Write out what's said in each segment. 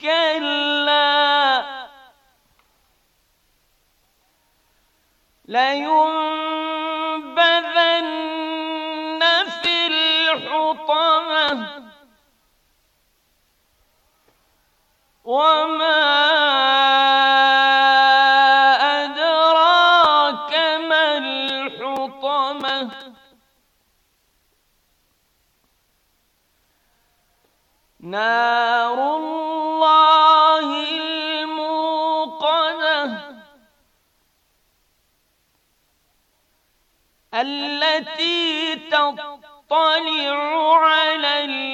كلا لينبذن في الحطمة وما يطلع على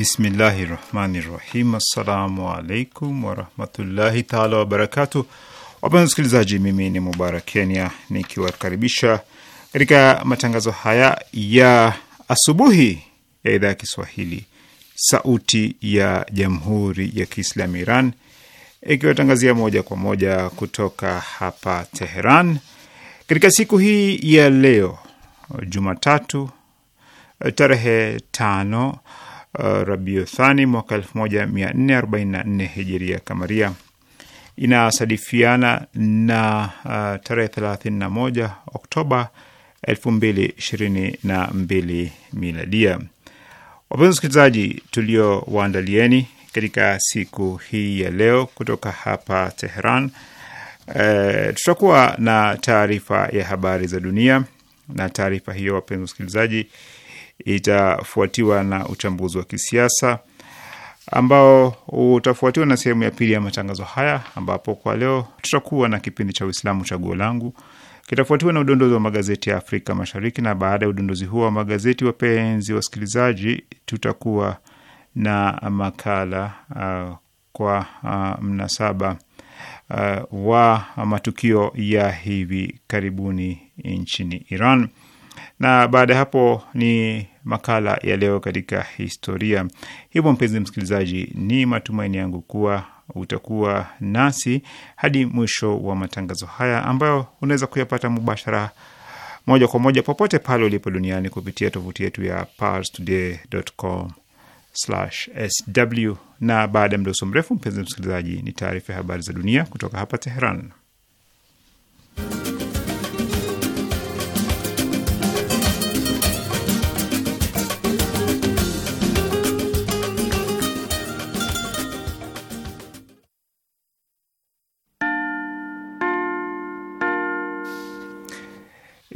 Bismillahi rahmani rahim. Assalamu alaikum warahmatullahi taala wabarakatu. Wapenzi wasikilizaji, mimi ni Mubarak Kenya nikiwakaribisha katika matangazo haya ya asubuhi ya idhaa ya Kiswahili Sauti ya Jamhuri ya Kiislamu Iran ikiwatangazia moja kwa moja kutoka hapa Teheran katika siku hii ya leo Jumatatu tarehe tano Uh, Rabiuthani mwaka 1444 hijiria kamaria, inasadifiana na uh, tarehe 31 Oktoba 2022 miladia. Wapenzi wasikilizaji, tuliowaandalieni katika siku hii ya leo kutoka hapa Teheran, e, tutakuwa na taarifa ya habari za dunia, na taarifa hiyo wapenzi wasikilizaji itafuatiwa na uchambuzi wa kisiasa ambao utafuatiwa na sehemu ya pili ya matangazo haya, ambapo kwa leo tutakuwa na kipindi cha Uislamu Chaguo Langu, kitafuatiwa na udondozi wa magazeti ya Afrika Mashariki, na baada ya udondozi huo wa magazeti, wapenzi wasikilizaji, tutakuwa na makala uh, kwa uh, mnasaba uh, wa matukio ya hivi karibuni nchini Iran na baada ya hapo ni makala ya leo katika historia. Hivyo mpenzi msikilizaji, ni matumaini yangu kuwa utakuwa nasi hadi mwisho wa matangazo haya ambayo unaweza kuyapata mubashara moja kwa moja popote pale ulipo duniani kupitia tovuti yetu ya parstoday.com/sw. Na baada ya mdoso mrefu, mpenzi msikilizaji, ni taarifa ya habari za dunia kutoka hapa Teheran.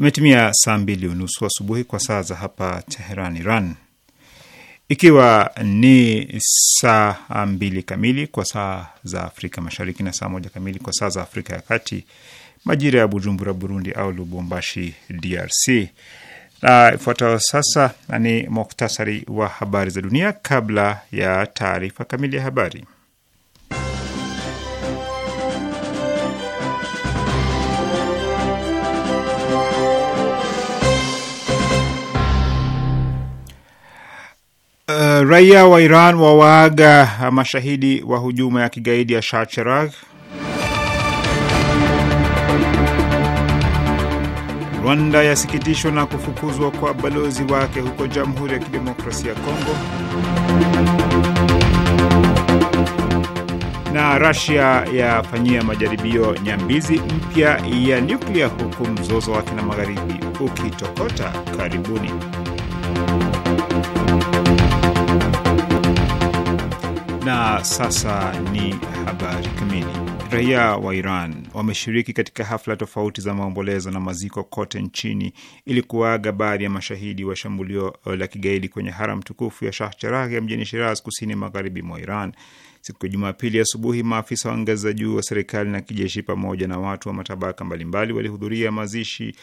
imetumia saa mbili unusu asubuhi kwa saa za hapa Teheran, Iran, ikiwa ni saa mbili kamili kwa saa za Afrika Mashariki na saa moja kamili kwa saa za Afrika ya Kati, majira ya Bujumbura, Burundi, au Lubumbashi, DRC. Na ifuatayo sasa ni muktasari wa habari za dunia kabla ya taarifa kamili ya habari. Raia wa Iran wawaaga mashahidi wa hujuma ya kigaidi ya Shah Cheragh. Rwanda yasikitishwa na kufukuzwa kwa balozi wake huko Jamhuri ya Kidemokrasia ya Kongo. Na Rasia yafanyia majaribio nyambizi mpya ya nyuklia huku mzozo wake na magharibi ukitokota. Karibuni. Na sasa ni habari kamili. Raia wa Iran wameshiriki katika hafla tofauti za maombolezo na maziko kote nchini ili kuaga baadhi ya mashahidi wa shambulio la kigaidi kwenye haram tukufu ya Shah Cheragh mjini Shiraz, kusini magharibi mwa Iran. Siku ya Jumapili asubuhi, maafisa wa ngazi za juu wa serikali na kijeshi pamoja na watu wa matabaka mbalimbali walihudhuria mazishi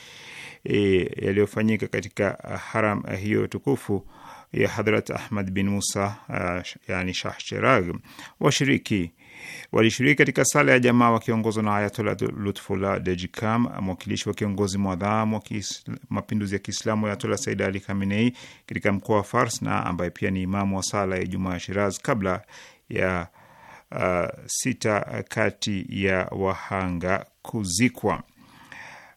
e, yaliyofanyika katika haram hiyo tukufu ya Hadrat Ahmad bin Musa uh, yani Shah Cheragh washiriki walishiriki katika sala ya jamaa wakiongozwa na Ayatollah lutfula Dejikam, mwakilishi wa kiongozi mwadhamu wa mapinduzi ya Kiislamu ayatola Said Ali Khamenei katika mkoa wa Fars na ambaye pia ni imamu wa sala ya Jumaa ya Shiraz kabla ya uh, sita kati ya wahanga kuzikwa.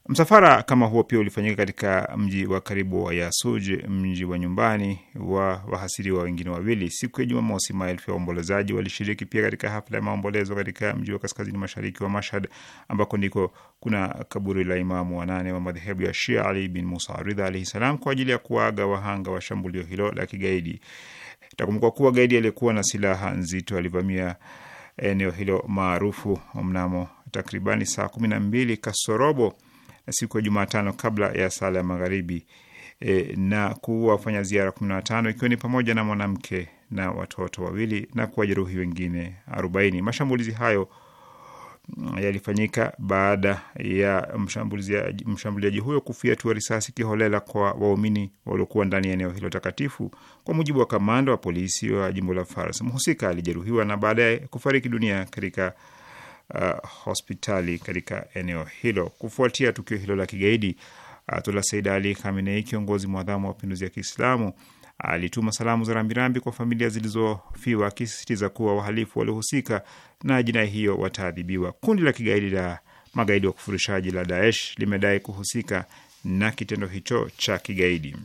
Msafara kama huo pia ulifanyika katika mji wa karibu wa Yasuj, mji wa nyumbani wa wahasiriwa wengine wawili. Siku ya Jumamosi, maelfu ya waombolezaji walishiriki pia katika hafla ya maombolezo katika mji wa kaskazini mashariki wa Mashhad, ambako ndiko kuna kaburi la imamu wanane wa madhehebu ya Shia, Ali bin Musa Ridha alaihi salam, kwa ajili ya kuaga wahanga wa shambulio hilo la kigaidi. Takumbuka kuwa gaidi aliyekuwa na silaha nzito alivamia eneo hilo maarufu mnamo takribani saa kumi na mbili kasorobo siku ya Jumatano kabla ya sala ya magharibi e, na kuwafanya ziara 15 ikiwa ni pamoja na mwanamke na watoto wawili na kuwajeruhi wengine 40. Mashambulizi hayo mm, yalifanyika baada ya mshambuliaji mshambuliaji huyo kufyatua risasi kiholela kwa waumini waliokuwa ndani ya eneo hilo takatifu. Kwa mujibu wa kamanda wa polisi wa jimbo la Fars, mhusika alijeruhiwa na baadaye kufariki dunia katika uh, hospitali katika eneo hilo. Kufuatia tukio hilo la kigaidi, Ayatullah Said Ali Khamenei, kiongozi mwadhamu wa mapinduzi ya Kiislamu, alituma salamu za rambirambi kwa familia zilizofiwa, akisisitiza kuwa wahalifu waliohusika na jinai hiyo wataadhibiwa. Kundi la kigaidi la magaidi wa kufurishaji la Daesh limedai kuhusika na kitendo hicho cha kigaidi.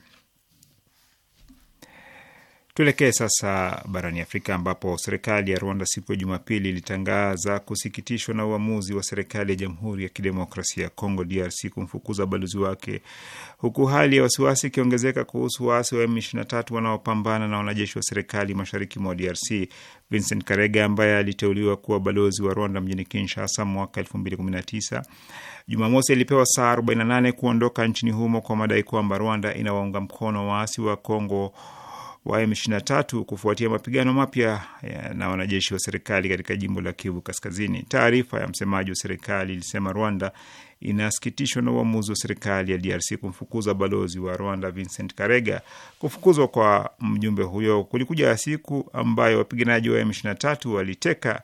Tuelekee sasa barani Afrika ambapo serikali ya Rwanda siku ya Jumapili ilitangaza kusikitishwa na uamuzi wa serikali ya Jamhuri ya Kidemokrasia ya Kongo DRC kumfukuza balozi wake, huku hali ya wasiwasi ikiongezeka kuhusu waasi wa M23 wanaopambana na wanajeshi wa serikali mashariki mwa DRC. Vincent Karega ambaye aliteuliwa kuwa balozi wa Rwanda mjini Kinshasa mwaka 2019 Jumamosi alipewa saa 48 kuondoka nchini humo kwa madai kwamba Rwanda inawaunga mkono waasi wa Kongo wa M23 kufuatia mapigano mapya eh, na wanajeshi wa serikali katika jimbo la Kivu Kaskazini. Taarifa ya msemaji wa serikali ilisema Rwanda inasikitishwa na uamuzi wa serikali ya DRC kumfukuza balozi wa Rwanda Vincent Karega. Kufukuzwa kwa mjumbe huyo kulikuja siku ambayo wapiganaji wa M23 waliteka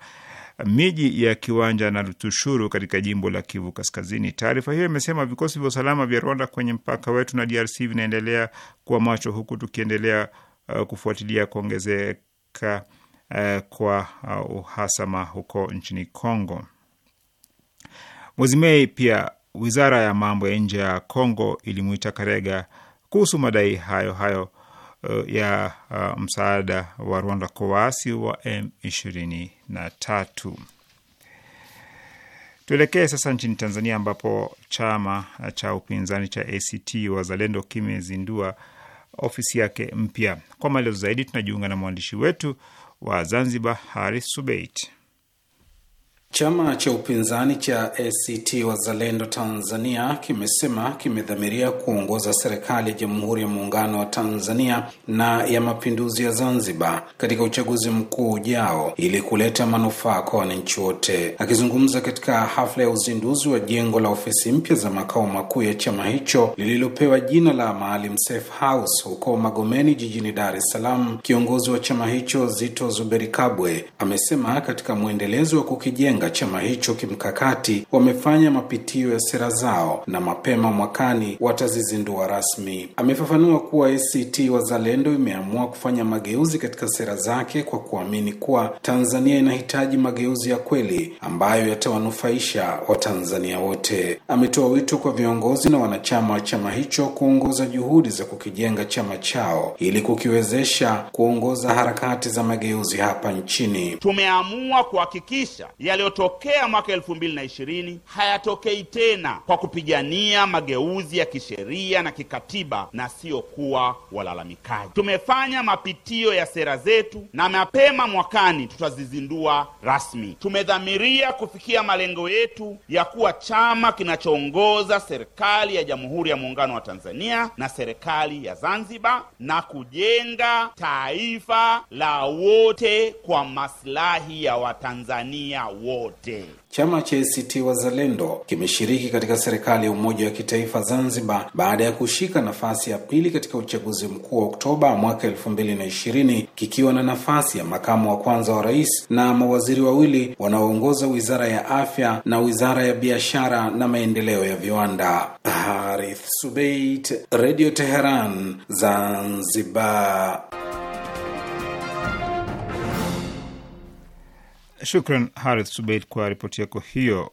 miji ya Kiwanja na Rutushuru katika jimbo la Kivu Kaskazini. Taarifa hiyo imesema vikosi vya usalama vya Rwanda kwenye mpaka wetu na DRC vinaendelea kuwa macho, huku tukiendelea Eh, kufuatilia kuongezeka uh, kwa eh, uhasama huko nchini Kongo. Mwezi Mei pia wizara ya mambo ya nje ya Kongo ilimuita Karega kuhusu madai hayo hayo uh, ya uh, msaada wa Rwanda kwa waasi wa M23. Tuelekee sasa nchini Tanzania ambapo chama cha upinzani cha ACT Wazalendo kimezindua ofisi yake mpya. Kwa maelezo zaidi tunajiunga na mwandishi wetu wa Zanzibar, Haris Subeit. Chama cha upinzani cha ACT Wazalendo Tanzania kimesema kimedhamiria kuongoza serikali ya Jamhuri ya Muungano wa Tanzania na ya Mapinduzi ya Zanzibar katika uchaguzi mkuu ujao ili kuleta manufaa kwa wananchi wote. Akizungumza katika hafla ya uzinduzi wa jengo la ofisi mpya za makao makuu ya chama hicho lililopewa jina la Maalim Seif House huko Magomeni jijini Dar es Salaam, kiongozi wa chama hicho Zito Zuberi Kabwe amesema katika mwendelezo wa kukijenga kupinga chama hicho kimkakati wamefanya mapitio ya sera zao na mapema mwakani watazizindua rasmi. Amefafanua kuwa ACT Wazalendo imeamua kufanya mageuzi katika sera zake kwa kuamini kuwa Tanzania inahitaji mageuzi ya kweli ambayo yatawanufaisha Watanzania wote. Ametoa wito kwa viongozi na wanachama wa chama hicho kuongoza juhudi za kukijenga chama chao ili kukiwezesha kuongoza harakati za mageuzi hapa nchini. Tumeamua kuhakikisha yaliyo yaliyotokea mwaka elfu mbili na ishirini hayatokei tena kwa kupigania mageuzi ya kisheria na kikatiba na siyo kuwa walalamikaji. Tumefanya mapitio ya sera zetu na mapema mwakani tutazizindua rasmi. Tumedhamiria kufikia malengo yetu ya kuwa chama kinachoongoza serikali ya Jamhuri ya Muungano wa Tanzania na serikali ya Zanzibar na kujenga taifa la wote kwa maslahi ya Watanzania wote wote. Chama cha ACT Wazalendo kimeshiriki katika serikali ya umoja wa kitaifa Zanzibar baada ya kushika nafasi ya pili katika uchaguzi mkuu wa Oktoba mwaka elfu mbili na ishirini kikiwa na nafasi ya makamu wa kwanza wa rais na mawaziri wawili wanaoongoza wizara ya afya na wizara ya biashara na maendeleo ya viwanda. Harith Subait, Radio Teheran, Zanzibar. Shukran Harith Subeid kwa ripoti yako hiyo.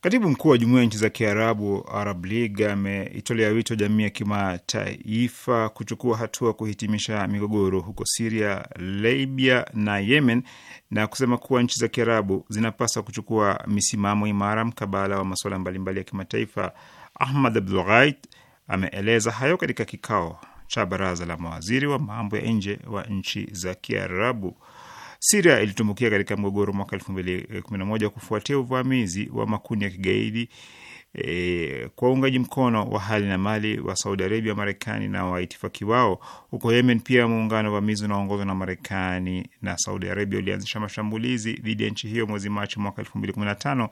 Katibu mkuu wa jumuiya ya nchi za Kiarabu, Arab League, ameitolea wito jamii ya kimataifa kuchukua hatua kuhitimisha migogoro huko Siria, Libya na Yemen, na kusema kuwa nchi za Kiarabu zinapaswa kuchukua misimamo imara mkabala wa masuala mbalimbali ya kimataifa. Ahmad Abdul ameeleza hayo katika kikao cha baraza la mawaziri wa mambo ya nje wa nchi za Kiarabu. Siria ilitumbukia katika mgogoro mwaka elfu mbili eh, kumi na moja kufuatia uvamizi wa makundi ya kigaidi E, kwa uungaji mkono wa hali na mali wa Saudi Arabia, Marekani na waitifaki wao. Huko Yemen pia muungano vamizi unaoongozwa na Marekani na Saudi Arabia ulianzisha mashambulizi dhidi ya nchi hiyo mwezi Machi mwaka elfu mbili kumi na tano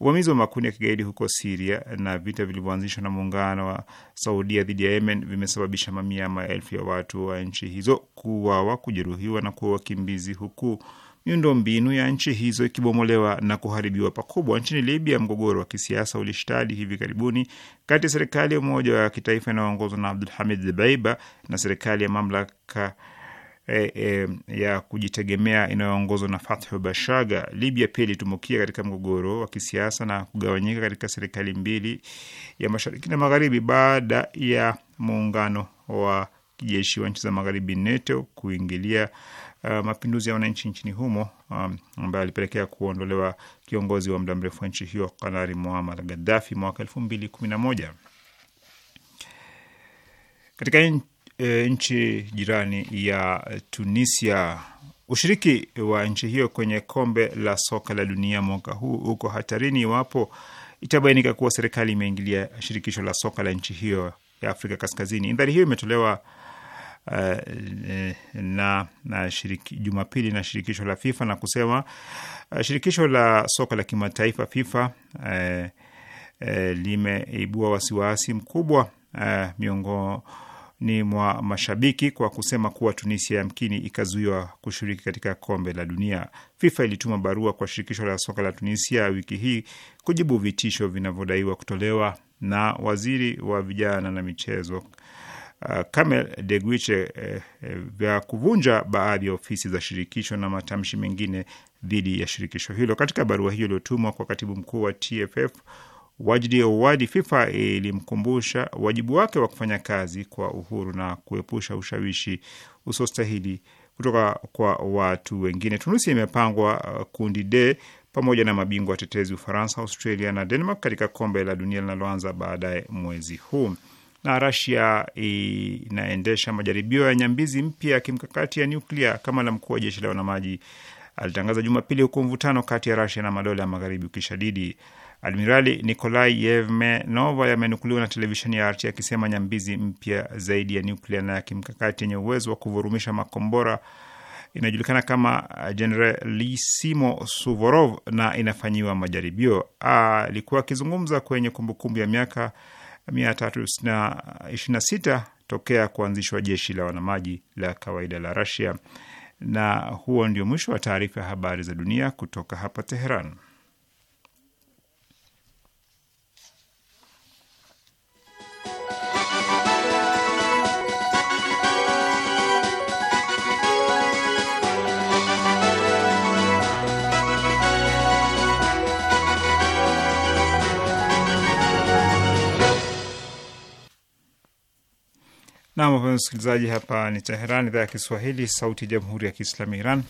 Uvamizi wa makundi ya kigaidi huko Siria na vita vilivyoanzishwa na muungano wa Saudia dhidi ya Yemen vimesababisha mamia ya maelfu ya watu wa nchi hizo kuuawa, kujeruhiwa na kuwa wakimbizi, huku miundo mbinu ya nchi hizo ikibomolewa na kuharibiwa pakubwa. Nchini Libya, mgogoro wa kisiasa ulishtadi hivi karibuni kati ya serikali ya umoja wa kitaifa inayoongozwa na Abdul Hamid Dbeiba na serikali ya mamlaka e, e, ya kujitegemea inayoongozwa na Fathi Bashaga. Libya pia ilitumbukia katika mgogoro wa kisiasa na kugawanyika katika serikali mbili ya mashariki na magharibi baada ya muungano wa kijeshi wa nchi za magharibi NATO kuingilia uh, mapinduzi ya wananchi nchini humo um, ambayo alipelekea kuondolewa kiongozi wa muda mrefu wa nchi hiyo kanari Muammar Gaddafi mwaka elfu mbili kumi na moja katika e, nchi jirani ya Tunisia. Ushiriki wa nchi hiyo kwenye kombe la soka la dunia mwaka huu uko hatarini iwapo itabainika kuwa serikali imeingilia shirikisho la soka la nchi hiyo ya Afrika Kaskazini. Indhari hiyo imetolewa Uh, na, na shiriki, Jumapili na shirikisho la FIFA na kusema uh, shirikisho la soka la kimataifa FIFA uh, uh, limeibua wasiwasi mkubwa uh, miongo ni mwa mashabiki kwa kusema kuwa Tunisia yamkini ikazuiwa kushiriki katika kombe la dunia. FIFA ilituma barua kwa shirikisho la soka la Tunisia wiki hii kujibu vitisho vinavyodaiwa kutolewa na waziri wa vijana na michezo Uh, Kamel Deguiche eh, eh, vya kuvunja baadhi ya ofisi za shirikisho na matamshi mengine dhidi ya shirikisho hilo. Katika barua hiyo iliyotumwa kwa katibu mkuu wa TFF wajdi ya FIFA ilimkumbusha wajibu wake wa kufanya kazi kwa uhuru na kuepusha ushawishi usiostahili kutoka kwa watu wengine. Tunisia imepangwa uh, kundi D pamoja na mabingwa watetezi Ufaransa, Australia na Denmark katika kombe la dunia linaloanza baadaye mwezi huu. Na Rasia inaendesha majaribio ya nyambizi mpya ya kimkakati ya nyuklia, kama la mkuu wa jeshi la wanamaji alitangaza Jumapili, huku mvutano kati ya Rasia na madola ya magharibi ukishadidi. Admirali Nikolai Yevmenova yamenukuliwa na televisheni ya RT akisema nyambizi mpya zaidi ya nuklia na ya kimkakati yenye uwezo wa kuvurumisha makombora inajulikana kama uh, generalisimo Suvorov na inafanyiwa majaribio. Uh, alikuwa akizungumza kwenye kumbukumbu ya miaka 326 uh, tokea kuanzishwa jeshi la wanamaji la kawaida la Rasia. Na huo ndio mwisho wa taarifa ya habari za dunia kutoka hapa Teheran. Nam, wapenzi msikilizaji, hapa ni Teheran, idhaa ya Kiswahili, sauti ya jamhuri ya kiislamu ya Iran.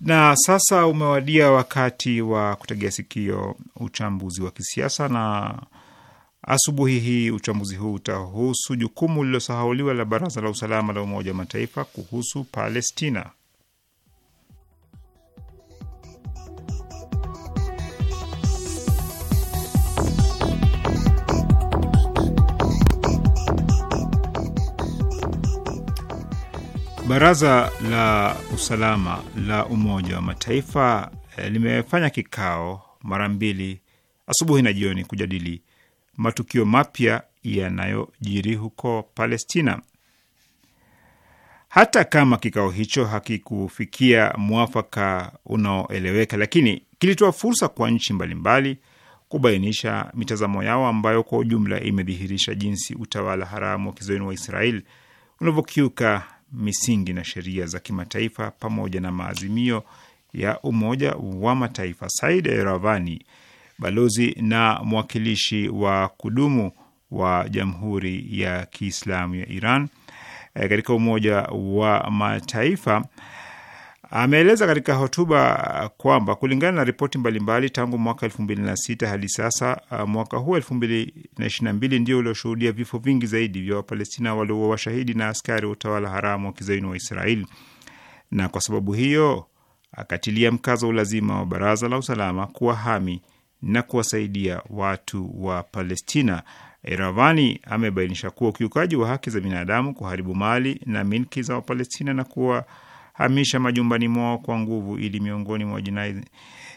Na sasa umewadia wakati wa kutegea sikio uchambuzi wa kisiasa, na asubuhi hii uchambuzi huu utahusu jukumu lililosahauliwa la Baraza la Usalama la Umoja wa Mataifa kuhusu Palestina. Baraza la Usalama la Umoja wa Mataifa eh, limefanya kikao mara mbili asubuhi na jioni kujadili matukio mapya yanayojiri huko Palestina. Hata kama kikao hicho hakikufikia mwafaka unaoeleweka, lakini kilitoa fursa kwa nchi mbalimbali kubainisha mitazamo yao ambayo kwa ujumla imedhihirisha jinsi utawala haramu wa kizayuni wa Israel unavyokiuka misingi na sheria za kimataifa pamoja na maazimio ya Umoja wa Mataifa. Said Eravani, balozi na mwakilishi wa kudumu wa Jamhuri ya Kiislamu ya Iran eh, katika Umoja wa Mataifa Ameeleza katika hotuba kwamba kulingana na ripoti mbalimbali tangu mwaka sita hadi sasa, uh, mwaka huu mbili ndio ulioshuhudia vifo vingi zaidi vya Wapalestina walio washahidi na askari wa utawala haramu wa kizaini wa Israeli, na kwa sababu hiyo akatilia mkazo ulazima wa Baraza la Usalama kuwahami na kuwasaidia watu wa Palestina. Iravani amebainisha kuwa ukiukaji wa haki za binadamu, kuharibu mali na milki za Wapalestina na kuwa kuwahamisha majumbani mwao kwa nguvu, ili miongoni mwa jinai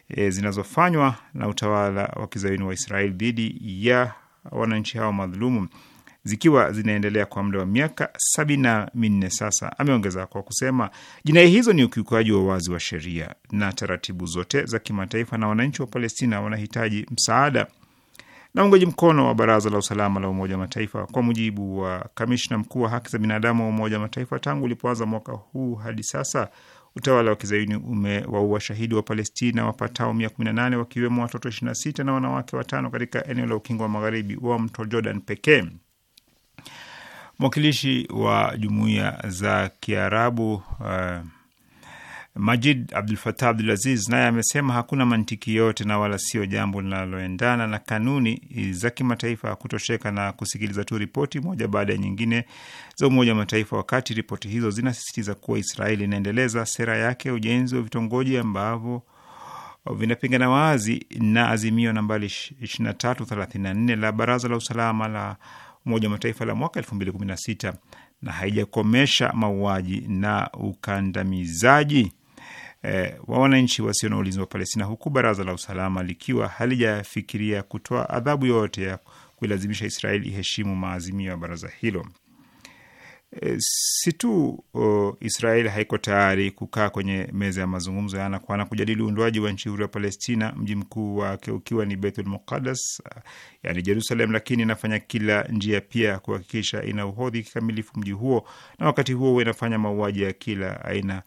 e, zinazofanywa na utawala wa kizayuni wa Israeli dhidi ya wananchi hao madhulumu zikiwa zinaendelea kwa muda wa miaka sabini na minne sasa. Ameongeza kwa kusema jinai hizo ni ukiukaji wa wazi wa sheria na taratibu zote za kimataifa, na wananchi wa Palestina wanahitaji msaada na uungaji mkono wa Baraza la Usalama la Umoja wa Mataifa. Kwa mujibu wa kamishna mkuu wa haki za binadamu wa Umoja wa Mataifa, tangu ulipoanza mwaka huu hadi sasa utawala wa kizayuni umewaua shahidi wa Palestina wapatao mia kumi na nane wakiwemo watoto 26 na wanawake watano katika eneo la ukingo wa magharibi wa mto Jordan pekee. Mwakilishi wa jumuiya za Kiarabu uh, Majid Abdul Fatah Abdul Aziz naye amesema hakuna mantiki yote na wala sio jambo linaloendana na kanuni za kimataifa kutosheka na kusikiliza tu ripoti moja baada ya nyingine za Umoja wa Mataifa, wakati ripoti hizo zinasisitiza kuwa Israeli inaendeleza sera yake ya ujenzi wa vitongoji ambavyo vinapingana wazi na azimio nambari 2334 la Baraza la Usalama la Umoja wa Mataifa la mwaka 2016 na haijakomesha mauaji na ukandamizaji eh, wa wananchi wasio na ulinzi wa Palestina, huku baraza la usalama likiwa halijafikiria kutoa adhabu yoyote ya kuilazimisha Israeli iheshimu maazimio ya baraza hilo. Eh, si tu Israeli haiko tayari kukaa kwenye meza ya mazungumzo ya ana kwa ana kujadili uundwaji wa nchi huru ya Palestina, mji mkuu wake ukiwa ni Beitul Muqaddas, yani Jerusalem, lakini inafanya kila njia pia kuhakikisha ina uhodhi kikamilifu mji huo, na wakati huo inafanya mauaji ya kila aina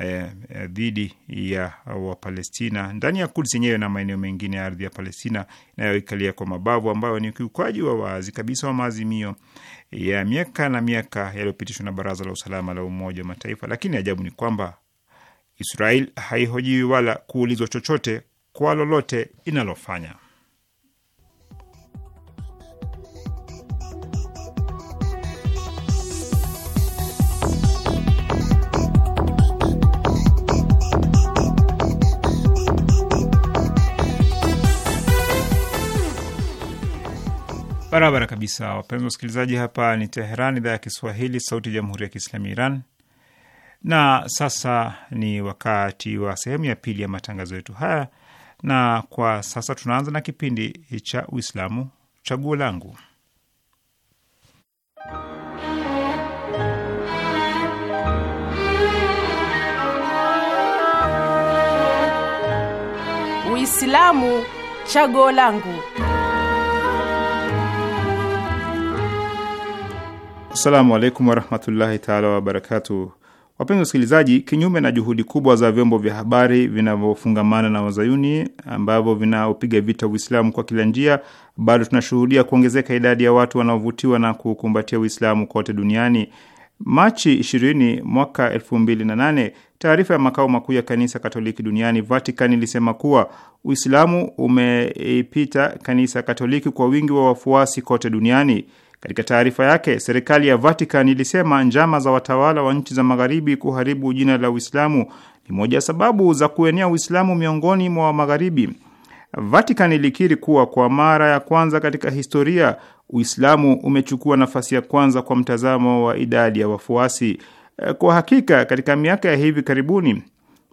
Eh, eh, dhidi ya Wapalestina ndani ya Kuds yenyewe na maeneo mengine ya ardhi ya Palestina inayoikalia kwa mabavu, ambayo ni ukiukaji wa wazi kabisa wa maazimio ya miaka na miaka yaliyopitishwa na Baraza la Usalama la Umoja wa Mataifa. Lakini ajabu ni kwamba Israel haihojiwi wala kuulizwa chochote kwa lolote inalofanya. Barabara kabisa, wapenzi wasikilizaji, hapa ni Teheran, idhaa ya Kiswahili, sauti ya jamhuri ya kiislami Iran. Na sasa ni wakati wa sehemu ya pili ya matangazo yetu haya, na kwa sasa tunaanza na kipindi cha Uislamu Chaguo Langu. Uislamu Chaguo Langu. Assalamu alaikum warahmatullahi taala wabarakatuh. Wapenzi wasikilizaji, kinyume na juhudi kubwa za vyombo vya habari vinavyofungamana na wazayuni ambavyo vinaopiga vita Uislamu kwa kila njia, bado tunashuhudia kuongezeka idadi ya watu wanaovutiwa na kukumbatia Uislamu kote duniani. Machi 20 mwaka 2008, taarifa ya makao makuu ya kanisa Katoliki duniani Vatican ilisema kuwa Uislamu umeipita kanisa Katoliki kwa wingi wa wafuasi kote duniani. Katika taarifa yake, serikali ya Vatican ilisema njama za watawala wa nchi za magharibi kuharibu jina la Uislamu ni moja sababu za kuenea Uislamu miongoni mwa magharibi. Vatican ilikiri kuwa kwa mara ya kwanza katika historia Uislamu umechukua nafasi ya kwanza kwa mtazamo wa idadi ya wafuasi. Kwa hakika, katika miaka ya hivi karibuni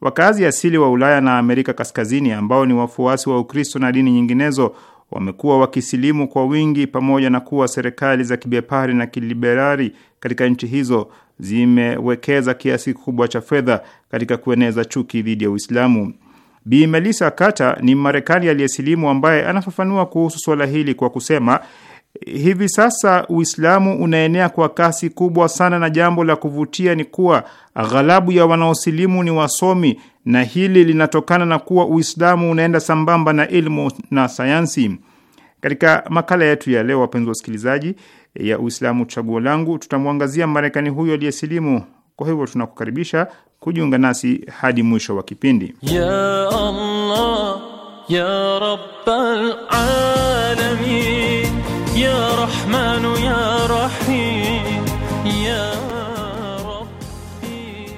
wakazi asili wa Ulaya na Amerika Kaskazini ambao ni wafuasi wa Ukristo na dini nyinginezo wamekuwa wakisilimu kwa wingi, pamoja na kuwa serikali za kibepari na kiliberari katika nchi hizo zimewekeza kiasi kikubwa cha fedha katika kueneza chuki dhidi ya Uislamu. Bi Melissa Carter ni Marekani aliyesilimu ambaye anafafanua kuhusu suala hili kwa kusema Hivi sasa Uislamu unaenea kwa kasi kubwa sana, na jambo la kuvutia ni kuwa ghalabu ya wanaosilimu ni wasomi, na hili linatokana na kuwa Uislamu unaenda sambamba na ilmu na sayansi. Katika makala yetu ya leo, wapenzi wasikilizaji, ya Uislamu chaguo langu, tutamwangazia Marekani huyo aliyesilimu. Kwa hivyo tunakukaribisha kujiunga nasi hadi mwisho wa kipindi ya Allah, ya Rabbal Alamin. الرحمن يا رحيم يا ربي.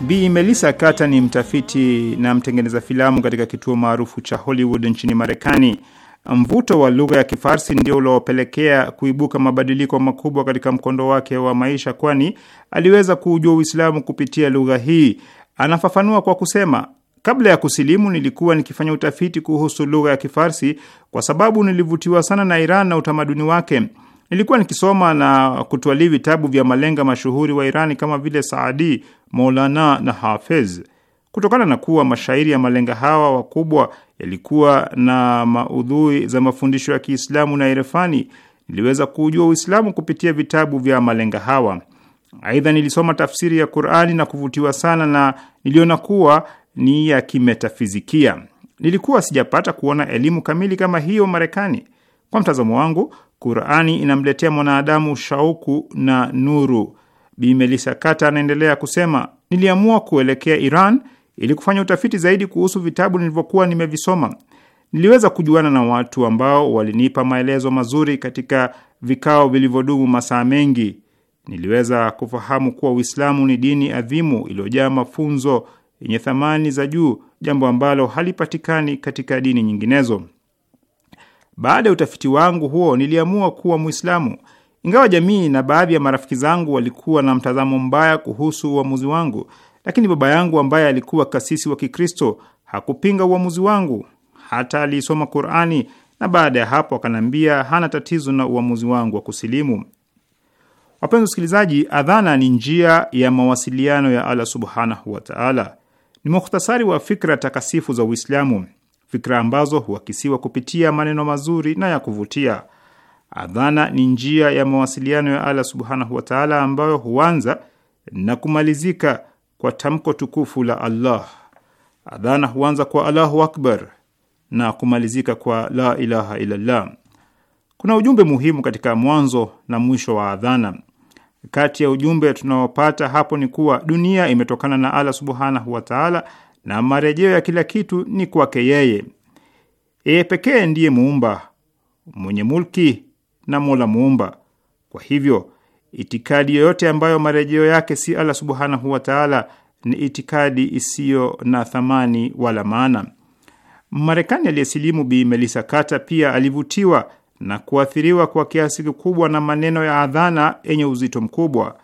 Bi Melissa Carter ni mtafiti na mtengeneza filamu katika kituo maarufu cha Hollywood nchini Marekani. Mvuto wa lugha ya Kifarsi ndio uliopelekea kuibuka mabadiliko makubwa katika mkondo wake wa maisha, kwani aliweza kuujua Uislamu kupitia lugha hii. Anafafanua kwa kusema Kabla ya kusilimu nilikuwa nikifanya utafiti kuhusu lugha ya Kifarsi kwa sababu nilivutiwa sana na Iran na utamaduni wake. Nilikuwa nikisoma na kutwalii vitabu vya malenga mashuhuri wa Irani kama vile Saadi, Maulana na Hafez. Kutokana na kuwa mashairi ya malenga hawa wakubwa yalikuwa na maudhui za mafundisho ya Kiislamu na irefani, niliweza kujua Uislamu kupitia vitabu vya malenga hawa. Aidha, nilisoma tafsiri ya Qurani na kuvutiwa sana na niliona kuwa ni ya kimetafizikia. Nilikuwa sijapata kuona elimu kamili kama hiyo Marekani. Kwa mtazamo wangu, Qurani inamletea mwanadamu shauku na nuru. Bi Melissa Kata anaendelea kusema, niliamua kuelekea Iran ili kufanya utafiti zaidi kuhusu vitabu nilivyokuwa nimevisoma. Niliweza kujuana na watu ambao walinipa maelezo mazuri katika vikao vilivyodumu masaa mengi. Niliweza kufahamu kuwa Uislamu ni dini adhimu iliyojaa mafunzo yenye thamani za juu, jambo ambalo halipatikani katika dini nyinginezo. Baada ya utafiti wangu huo, niliamua kuwa Mwislamu, ingawa jamii na baadhi ya marafiki zangu walikuwa na mtazamo mbaya kuhusu uamuzi wangu, lakini baba yangu ambaye alikuwa kasisi wa Kikristo hakupinga uamuzi wangu, hata aliisoma Qurani na baada ya hapo akanaambia hana tatizo na uamuzi wangu wa kusilimu. Wapenzi wasikilizaji, adhana ni njia ya mawasiliano ya Allah subhanahu wataala. Ni muhtasari wa fikra takasifu za Uislamu, fikra ambazo huakisiwa kupitia maneno mazuri na ya kuvutia. Adhana ni njia ya mawasiliano ya Allah subhanahu wataala, ambayo huanza na kumalizika kwa tamko tukufu la Allah. Adhana huanza kwa Allahu akbar na kumalizika kwa la ilaha illallah. Kuna ujumbe muhimu katika mwanzo na mwisho wa adhana kati ya ujumbe tunaopata hapo ni kuwa dunia imetokana na Allah subhanahu wataala, na marejeo ya kila kitu ni kwake yeye. Yeye pekee ndiye muumba, mwenye mulki na mola muumba. Kwa hivyo itikadi yoyote ambayo marejeo yake si Allah subhanahu wataala ni itikadi isiyo na thamani wala maana. Marekani aliyesilimu Bi Melissa Carter pia alivutiwa na kuathiriwa kwa kiasi kikubwa na maneno ya adhana yenye uzito mkubwa.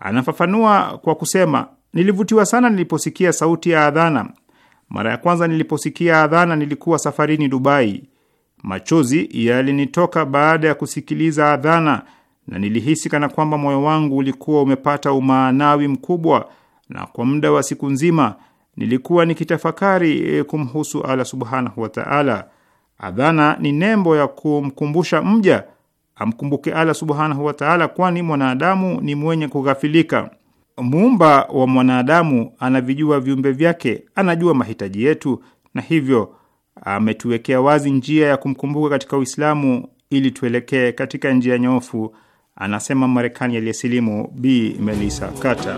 Anafafanua kwa kusema, nilivutiwa sana niliposikia sauti ya adhana. Mara ya kwanza niliposikia adhana nilikuwa safarini Dubai. Machozi yalinitoka baada ya kusikiliza adhana na nilihisi kana kwamba moyo wangu ulikuwa umepata umaanawi mkubwa, na kwa muda wa siku nzima nilikuwa nikitafakari eh, kumhusu Allah subhanahu wa taala. Adhana ni nembo ya kumkumbusha mja amkumbuke Allah subhanahu wataala, kwani mwanadamu ni mwenye kughafilika. Muumba wa mwanadamu anavijua viumbe vyake, anajua mahitaji yetu, na hivyo ametuwekea wazi njia ya kumkumbuka katika Uislamu ili tuelekee katika njia nyofu, anasema Marekani aliyesilimu Bi Melissa Carter.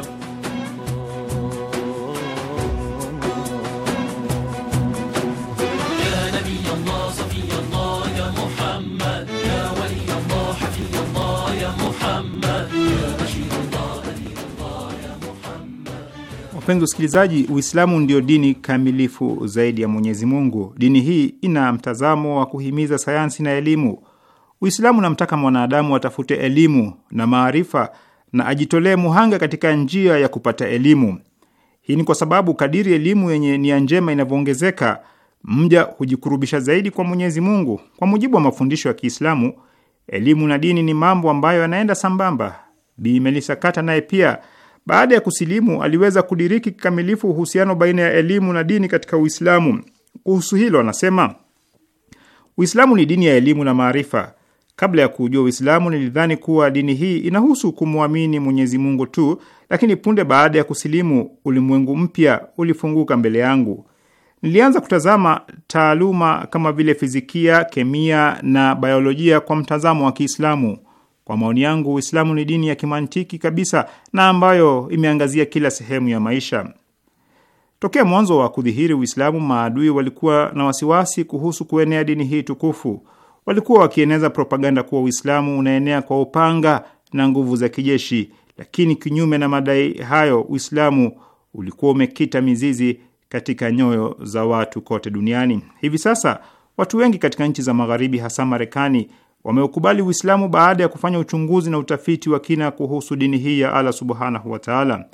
Wapenzi wasikilizaji, Uislamu ndio dini kamilifu zaidi ya Mwenyezi Mungu. Dini hii ina mtazamo wa kuhimiza sayansi na elimu. Uislamu unamtaka mwanadamu atafute elimu na maarifa na ajitolee muhanga katika njia ya kupata elimu. Hii ni kwa sababu kadiri elimu yenye nia njema inavyoongezeka, mja hujikurubisha zaidi kwa Mwenyezi Mungu. Kwa mujibu wa mafundisho ya Kiislamu, elimu na dini ni mambo ambayo yanaenda sambamba. Bi Kata naye pia baada ya kusilimu, aliweza kudiriki kikamilifu uhusiano baina ya elimu na dini katika Uislamu. Kuhusu hilo anasema, Uislamu ni dini ya elimu na maarifa. Kabla ya kujua Uislamu nilidhani kuwa dini hii inahusu kumwamini Mwenyezi Mungu tu, lakini punde baada ya kusilimu, ulimwengu mpya ulifunguka mbele yangu. Nilianza kutazama taaluma kama vile fizikia, kemia na biolojia kwa mtazamo wa Kiislamu. Kwa maoni yangu, Uislamu ni dini ya kimantiki kabisa na ambayo imeangazia kila sehemu ya maisha. Tokea mwanzo wa kudhihiri Uislamu, maadui walikuwa na wasiwasi kuhusu kuenea dini hii tukufu. Walikuwa wakieneza propaganda kuwa Uislamu unaenea kwa upanga na nguvu za kijeshi, lakini kinyume na madai hayo, Uislamu ulikuwa umekita mizizi katika nyoyo za watu kote duniani. Hivi sasa watu wengi katika nchi za Magharibi, hasa Marekani, wameukubali Uislamu baada ya kufanya uchunguzi na utafiti wa kina kuhusu dini hii ya Allah subhanahu wataala.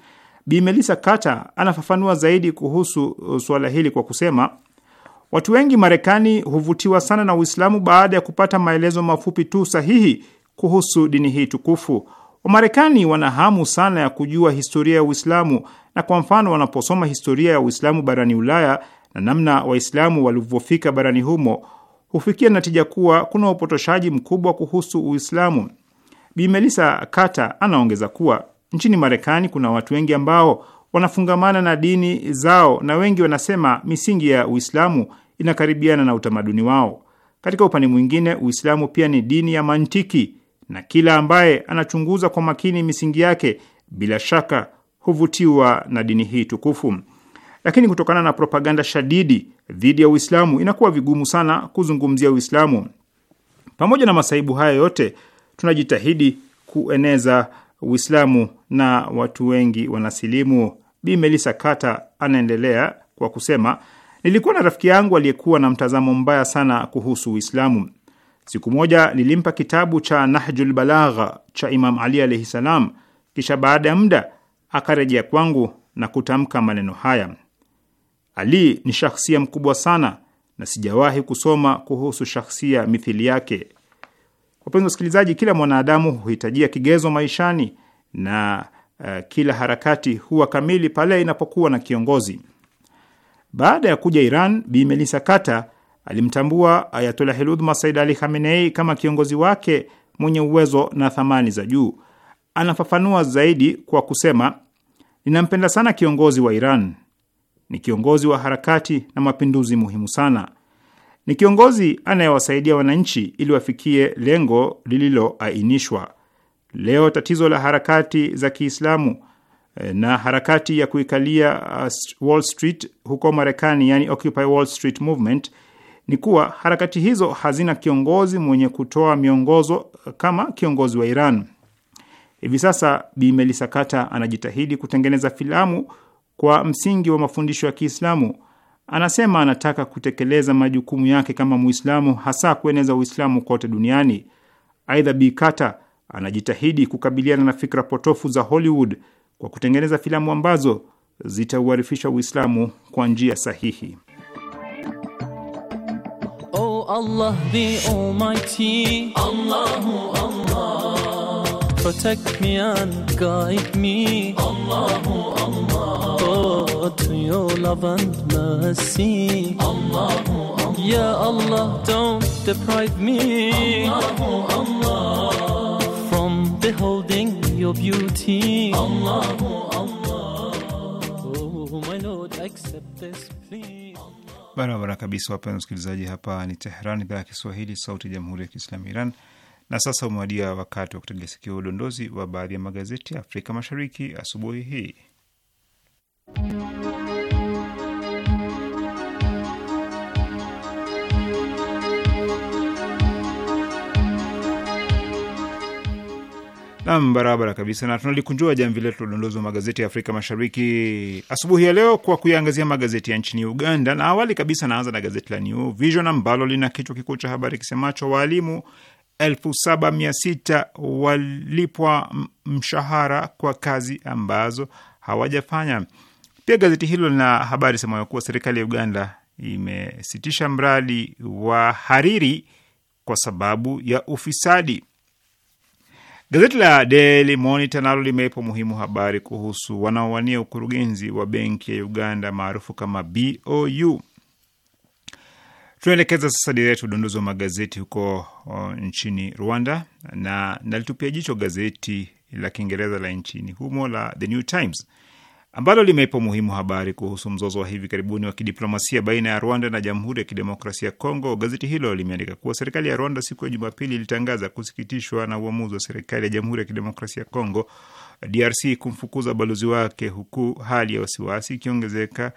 Bi Melissa Carter anafafanua zaidi kuhusu uh, suala hili kwa kusema, watu wengi Marekani huvutiwa sana na Uislamu baada ya kupata maelezo mafupi tu sahihi kuhusu dini hii tukufu. Wamarekani wana hamu sana ya kujua historia ya Uislamu, na kwa mfano, wanaposoma historia ya Uislamu barani Ulaya na namna Waislamu walivyofika barani humo hufikia natija kuwa kuna upotoshaji mkubwa kuhusu Uislamu. Bi Melissa Carter anaongeza kuwa nchini Marekani kuna watu wengi ambao wanafungamana na dini zao na wengi wanasema misingi ya Uislamu inakaribiana na utamaduni wao. Katika upande mwingine, Uislamu pia ni dini ya mantiki na kila ambaye anachunguza kwa makini misingi yake bila shaka huvutiwa na dini hii tukufu lakini kutokana na propaganda shadidi dhidi ya Uislamu inakuwa vigumu sana kuzungumzia Uislamu. Pamoja na masaibu haya yote, tunajitahidi kueneza Uislamu na watu wengi wanasilimu. Bi Melissa Kata anaendelea kwa kusema, nilikuwa na rafiki yangu aliyekuwa na mtazamo mbaya sana kuhusu Uislamu. Siku moja nilimpa kitabu cha Nahjul Balagha cha Imam Ali alaihi salam, kisha baada ya muda akarejea kwangu na kutamka maneno haya: ali ni shakhsia mkubwa sana na sijawahi kusoma kuhusu shakhsia mithili yake. Wapenzi wasikilizaji, kila mwanadamu huhitajia kigezo maishani na uh, kila harakati huwa kamili pale inapokuwa na kiongozi. Baada ya kuja Iran, Bi Melissa Kata alimtambua Ayatolahil Udhma Said Ali Khamenei kama kiongozi wake mwenye uwezo na thamani za juu. Anafafanua zaidi kwa kusema, ninampenda sana kiongozi wa Iran ni kiongozi wa harakati na mapinduzi muhimu sana. Ni kiongozi anayewasaidia wananchi ili wafikie lengo lililoainishwa. Leo tatizo la harakati za Kiislamu eh, na harakati ya kuikalia uh, Wall Street huko Marekani, yani Occupy Wall Street Movement, ni kuwa harakati hizo hazina kiongozi mwenye kutoa miongozo eh, kama kiongozi wa Iran. Hivi sasa Bi anajitahidi kutengeneza filamu kwa msingi wa mafundisho ya Kiislamu. Anasema anataka kutekeleza majukumu yake kama Muislamu, hasa kueneza Uislamu kote duniani. Aidha, Bi Carter anajitahidi kukabiliana na fikra potofu za Hollywood kwa kutengeneza filamu ambazo zitauarifisha Uislamu kwa njia sahihi. Allah, the Almighty, Allahu Allah, protect me and guide me, Allahu Allah atıyor lavandası Allahu Allah يا الله don't deprive me Allahu Allah From beholding your beauty Allahu oh, Barabara kabisa wapenzi msikilizaji, hapa ni Tehran, idhaa ya Kiswahili, sauti ya jamhuri ya kiislamu Iran. Na sasa umewadia wakati wa kutegea sikio udondozi wa baadhi ya magazeti ya Afrika Mashariki asubuhi hii. Nam, barabara kabisa, na tunalikunjua jamvi letu udondozi wa magazeti ya Afrika Mashariki asubuhi ya leo kwa kuyaangazia magazeti ya nchini Uganda, na awali kabisa naanza na gazeti la New Vision ambalo lina kichwa kikuu cha habari kisemacho waalimu elfu saba mia sita walipwa mshahara kwa kazi ambazo hawajafanya. Pia gazeti hilo lina habari semayo kuwa serikali ya Uganda imesitisha mradi wa hariri kwa sababu ya ufisadi. Gazeti la Daily Monitor nalo limeipa muhimu habari kuhusu wanaowania ukurugenzi wa benki ya Uganda maarufu kama BOU. Tunaelekeza sasa dira yetu udondozi wa magazeti huko nchini Rwanda, na nalitupia jicho gazeti la Kiingereza la nchini humo la The New Times ambalo limeipa umuhimu habari kuhusu mzozo wa hivi karibuni wa kidiplomasia baina ya Rwanda na Jamhuri ya Kidemokrasia ya Kongo. Gazeti hilo limeandika kuwa serikali ya Rwanda siku ya Jumapili ilitangaza kusikitishwa na uamuzi wa serikali ya Jamhuri ya Kidemokrasia ya Kongo DRC kumfukuza balozi wake, huku hali ya wasiwasi ikiongezeka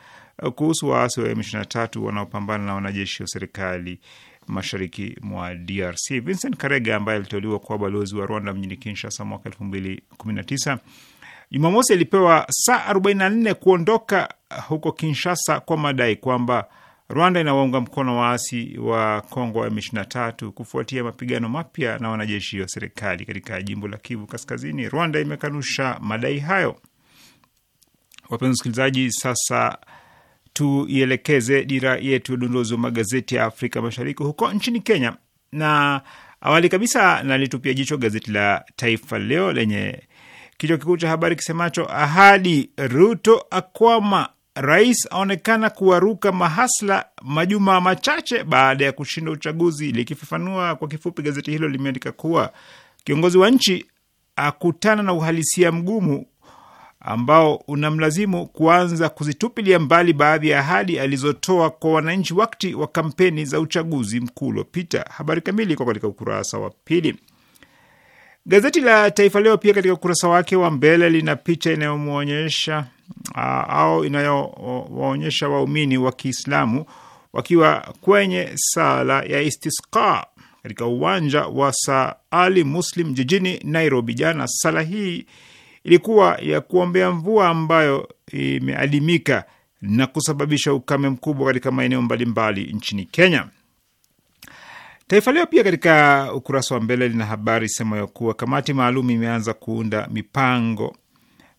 kuhusu waasi wa M23 wanaopambana na wanajeshi wa serikali mashariki mwa DRC. Vincent Karega ambaye aliteuliwa kuwa balozi wa Rwanda mjini Kinshasa mwaka 219 Jumamosi alipewa saa 44 kuondoka huko Kinshasa kwa madai kwamba Rwanda inawaunga mkono waasi wa Kongo wa M23 kufuatia mapigano mapya na wanajeshi wa serikali katika jimbo la Kivu Kaskazini. Rwanda imekanusha madai hayo. Wapenzi wasikilizaji, sasa tuielekeze dira yetu ya udondozi wa magazeti ya Afrika Mashariki huko nchini Kenya, na awali kabisa nalitupia jicho gazeti la Taifa Leo lenye kichwa kikuu cha habari kisemacho ahadi Ruto akwama, rais aonekana kuwaruka mahasla majumaa machache baada ya kushinda uchaguzi. Likifafanua kwa kifupi, gazeti hilo limeandika kuwa kiongozi wa nchi akutana na uhalisia mgumu ambao unamlazimu kuanza kuzitupilia mbali baadhi ya ahadi alizotoa kwa wananchi wakati wa kampeni za uchaguzi mkuu uliopita. Habari kamili iko katika ukurasa wa pili. Gazeti la Taifa Leo pia katika ukurasa wake wa mbele lina picha inayomwonyesha au inayowaonyesha waumini wa Kiislamu wakiwa kwenye sala ya istisqa katika uwanja wa Saali Muslim jijini Nairobi jana. Sala hii ilikuwa ya kuombea mvua ambayo imeadimika na kusababisha ukame mkubwa katika maeneo mbalimbali nchini Kenya. Taifa Leo pia katika ukurasa wa mbele lina habari ya kuwa kamati maalum imeanza kuunda mipango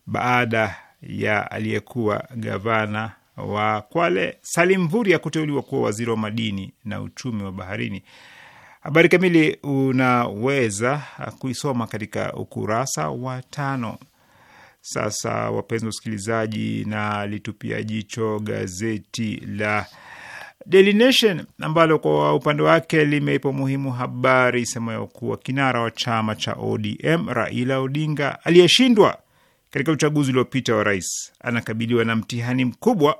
baada ya aliyekuwa gavana wa Kwale Salim Mvurya kuteuliwa kuwa waziri wa madini na uchumi wa baharini. Habari kamili unaweza kuisoma katika ukurasa wa tano. Sasa wapenzi usikilizaji na litupia jicho gazeti la Daily Nation ambalo kwa upande wake limeipa umuhimu habari isemayo kuwa kinara wa chama cha ODM Raila Odinga aliyeshindwa katika uchaguzi uliopita wa rais anakabiliwa na mtihani mkubwa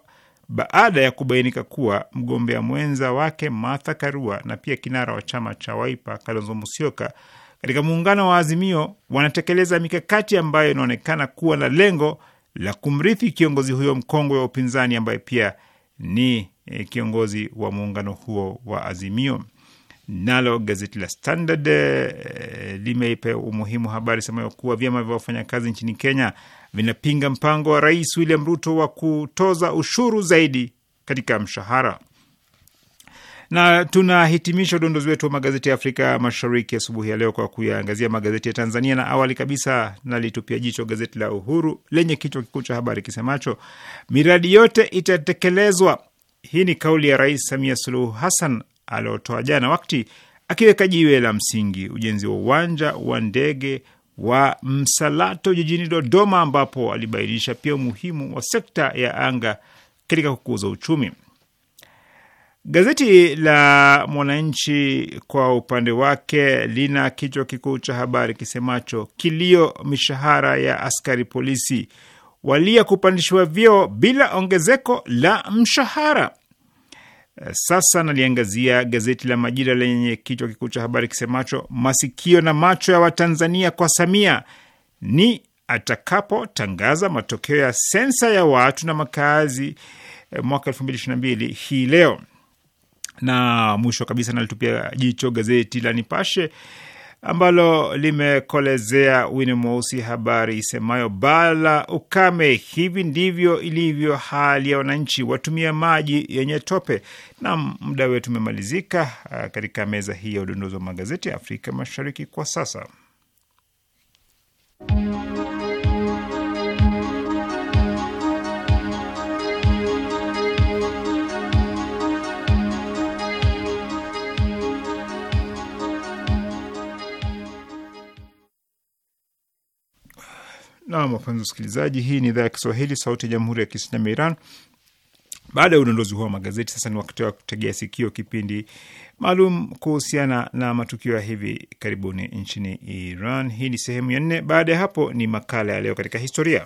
baada ya kubainika kuwa mgombea mwenza wake Martha Karua na pia kinara wa chama cha waipa Kalonzo Musyoka katika muungano wa Azimio wanatekeleza mikakati ambayo inaonekana kuwa na lengo la kumrithi kiongozi huyo mkongwe wa upinzani ambaye pia ni e, kiongozi wa muungano huo wa Azimio. Nalo gazeti la Standard e, limeipa umuhimu habari semayo kuwa vyama vya wafanyakazi nchini Kenya vinapinga mpango wa Rais William Ruto wa kutoza ushuru zaidi katika mshahara. Na tunahitimisha udondozi wetu wa magazeti ya Afrika Mashariki asubuhi ya, ya leo kwa kuyaangazia magazeti ya Tanzania, na awali kabisa nalitupia jicho gazeti la Uhuru lenye kichwa kikuu cha habari kisemacho miradi yote itatekelezwa hii ni kauli ya Rais Samia Suluhu Hassan aliotoa jana wakati akiweka jiwe la msingi ujenzi wa uwanja wa ndege wa Msalato jijini Dodoma, ambapo alibainisha pia umuhimu wa sekta ya anga katika kukuza uchumi. Gazeti la Mwananchi kwa upande wake lina kichwa kikuu cha habari kisemacho kilio mishahara ya askari polisi walia kupandishwa vyeo bila ongezeko la mshahara. Sasa naliangazia gazeti la Majira lenye kichwa kikuu cha habari kisemacho masikio na macho ya Watanzania kwa Samia ni atakapotangaza matokeo ya sensa ya watu na makazi eh, mwaka mbili hii leo. Na mwisho kabisa nalitupia jicho gazeti la Nipashe ambalo limekolezea wino mweusi habari isemayo bala ukame, hivi ndivyo ilivyo hali ya wananchi watumia maji yenye tope. Na muda wetu umemalizika ah, katika meza hii ya udondozi wa magazeti ya Afrika Mashariki kwa sasa. Naam, wapenzi wasikilizaji, hii ni idhaa ya Kiswahili sauti ya jamhuri ya kiislamu ya Iran. Baada ya udondozi huo wa magazeti, sasa ni wakati wa kutegea sikio kipindi maalum kuhusiana na matukio ya hivi karibuni nchini Iran. Hii ni sehemu ya nne. Baada ya hapo ni makala ya leo katika historia.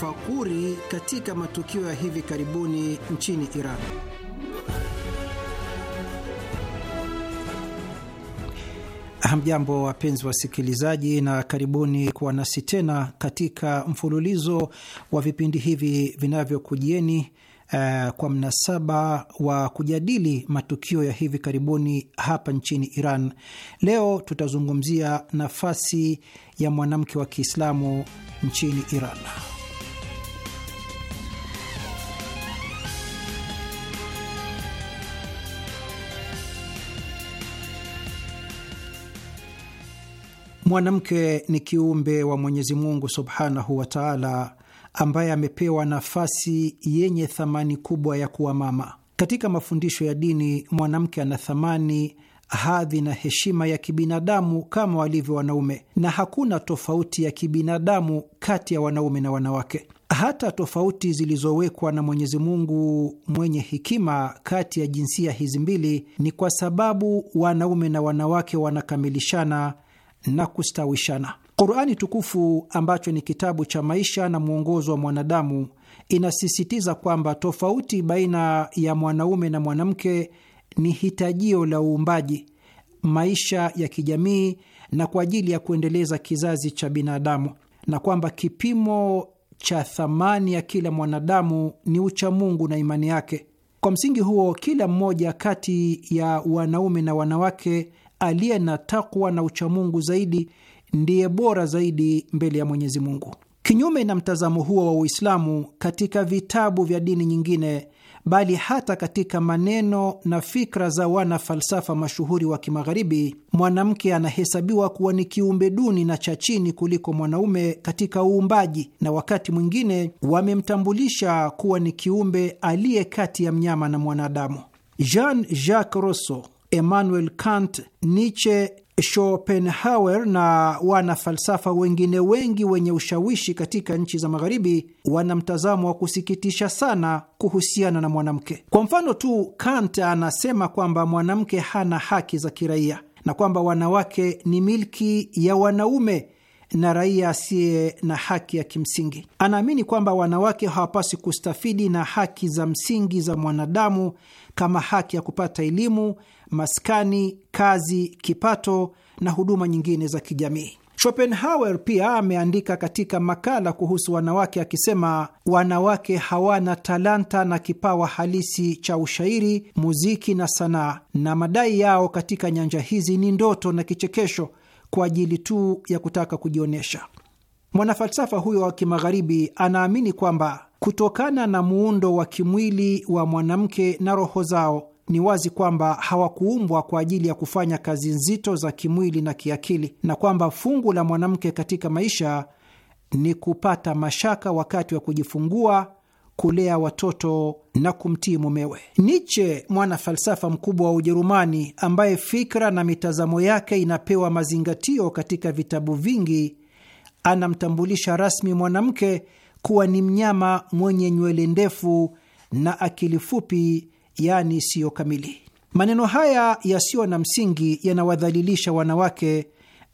tafakuri katika matukio ya hivi karibuni nchini Iran. Hamjambo, wapenzi wasikilizaji, na karibuni kuwa nasi tena katika mfululizo wa vipindi hivi vinavyokujieni uh, kwa mnasaba wa kujadili matukio ya hivi karibuni hapa nchini Iran. Leo tutazungumzia nafasi ya mwanamke wa Kiislamu nchini Iran. Mwanamke ni kiumbe wa Mwenyezi Mungu subhanahu wa taala ambaye amepewa nafasi yenye thamani kubwa ya kuwa mama. Katika mafundisho ya dini, mwanamke ana thamani, hadhi na heshima ya kibinadamu kama walivyo wanaume, na hakuna tofauti ya kibinadamu kati ya wanaume na wanawake. Hata tofauti zilizowekwa na Mwenyezi Mungu mwenye hekima kati ya jinsia hizi mbili ni kwa sababu wanaume na wanawake wanakamilishana na kustawishana. Qurani tukufu ambacho ni kitabu cha maisha na mwongozo wa mwanadamu inasisitiza kwamba tofauti baina ya mwanaume na mwanamke ni hitajio la uumbaji, maisha ya kijamii na kwa ajili ya kuendeleza kizazi cha binadamu, na kwamba kipimo cha thamani ya kila mwanadamu ni uchamungu na imani yake. Kwa msingi huo, kila mmoja kati ya wanaume na wanawake aliye na takwa na uchamungu zaidi ndiye bora zaidi mbele ya Mwenyezi Mungu. Kinyume na mtazamo huo wa Uislamu katika vitabu vya dini nyingine, bali hata katika maneno na fikra za wana falsafa mashuhuri wa Kimagharibi, mwanamke anahesabiwa kuwa ni kiumbe duni na cha chini kuliko mwanaume katika uumbaji, na wakati mwingine wamemtambulisha kuwa ni kiumbe aliye kati ya mnyama na mwanadamu. Jean Jacques Rousseau Emmanuel Kant, Nietzsche, Schopenhauer na wanafalsafa wengine wengi wenye ushawishi katika nchi za Magharibi wana mtazamo wa kusikitisha sana kuhusiana na mwanamke. Kwa mfano tu, Kant anasema kwamba mwanamke hana haki za kiraia na kwamba wanawake ni milki ya wanaume na raia asiye na haki ya kimsingi. Anaamini kwamba wanawake hawapaswi kustafidi na haki za msingi za mwanadamu kama haki ya kupata elimu, maskani, kazi, kipato na huduma nyingine za kijamii. Schopenhauer pia ameandika katika makala kuhusu wanawake akisema, wanawake hawana talanta na kipawa halisi cha ushairi, muziki na sanaa, na madai yao katika nyanja hizi ni ndoto na kichekesho kwa ajili tu ya kutaka kujionyesha. Mwanafalsafa huyo wa kimagharibi anaamini kwamba kutokana na muundo wa kimwili wa mwanamke na roho zao, ni wazi kwamba hawakuumbwa kwa ajili ya kufanya kazi nzito za kimwili na kiakili, na kwamba fungu la mwanamke katika maisha ni kupata mashaka wakati wa kujifungua kulea watoto na kumtii mumewe. Nietzsche, mwana falsafa mkubwa wa Ujerumani, ambaye fikra na mitazamo yake inapewa mazingatio katika vitabu vingi, anamtambulisha rasmi mwanamke kuwa ni mnyama mwenye nywele ndefu na akili fupi, yaani siyo kamili. Maneno haya yasiyo na msingi yanawadhalilisha wanawake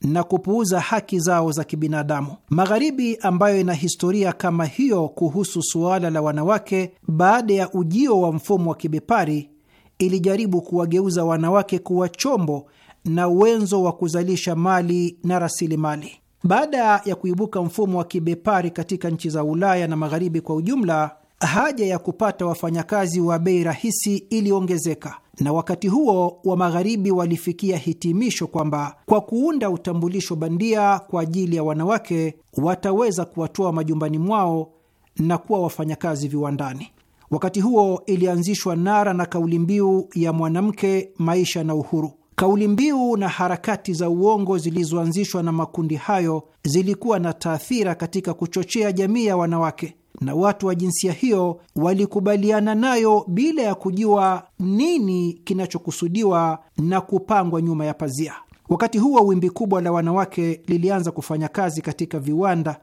na kupuuza haki zao za kibinadamu. Magharibi, ambayo ina historia kama hiyo kuhusu suala la wanawake, baada ya ujio wa mfumo wa kibepari, ilijaribu kuwageuza wanawake kuwa chombo na wenzo wa kuzalisha mali na rasilimali. Baada ya kuibuka mfumo wa kibepari katika nchi za Ulaya na magharibi kwa ujumla, haja ya kupata wafanyakazi wa bei rahisi iliongezeka na wakati huo wa Magharibi walifikia hitimisho kwamba kwa kuunda utambulisho bandia kwa ajili ya wanawake wataweza kuwatoa majumbani mwao na kuwa wafanyakazi viwandani. Wakati huo ilianzishwa nara na kauli mbiu ya mwanamke, maisha na uhuru. Kauli mbiu na harakati za uongo zilizoanzishwa na makundi hayo zilikuwa na taathira katika kuchochea jamii ya wanawake na watu wa jinsia hiyo walikubaliana nayo bila ya kujua nini kinachokusudiwa na kupangwa nyuma ya pazia. Wakati huo wimbi kubwa la wanawake lilianza kufanya kazi katika viwanda